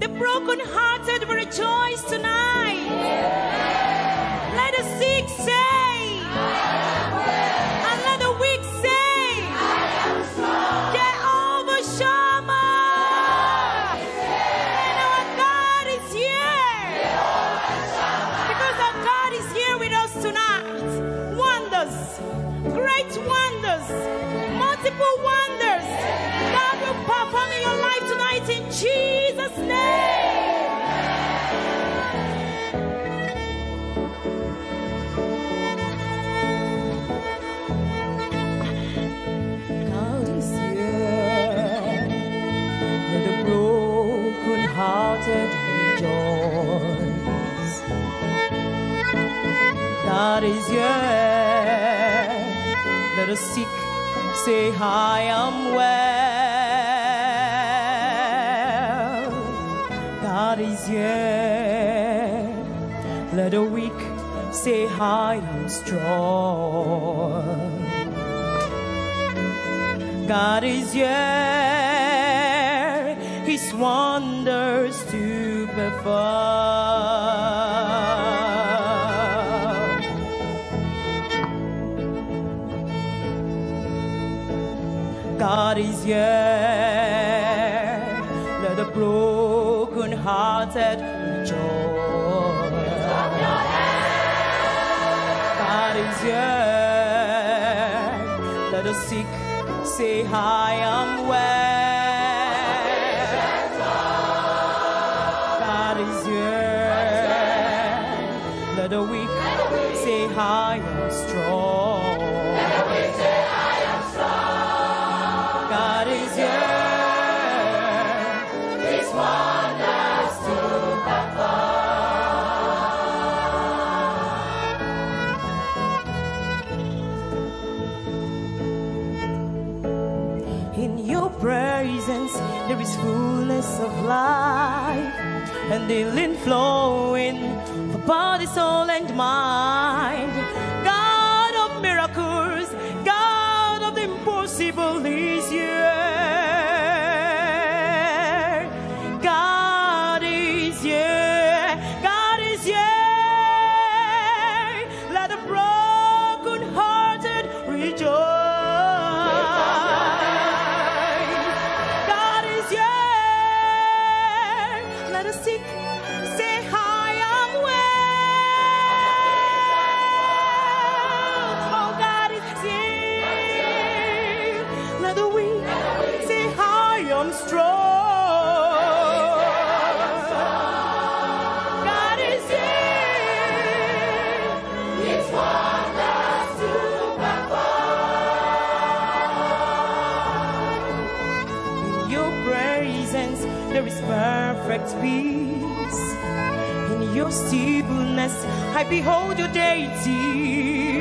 The brokenhearted will rejoice tonight. Yeah. Let the sick say, and let the weak say, Get over Shama. And our God is here. Because our God is here with us tonight. Wonders, great wonders, multiple wonders. God will perform in your life tonight in Jesus. God is here. Let us seek, say, Hi, I'm well. God is here. Let a weak say, Hi, I'm strong. God is here. His wonders to perform. God is here. Let the broken hearted rejoice. God is here. Let the sick say, I am well. God is here. Let the weak say, I am strong. in your presence there is fullness of life and healing flowing for body, soul, and mind. God of miracles, God of the impossible is you. your presence there is perfect peace. In your stillness, I behold your deity.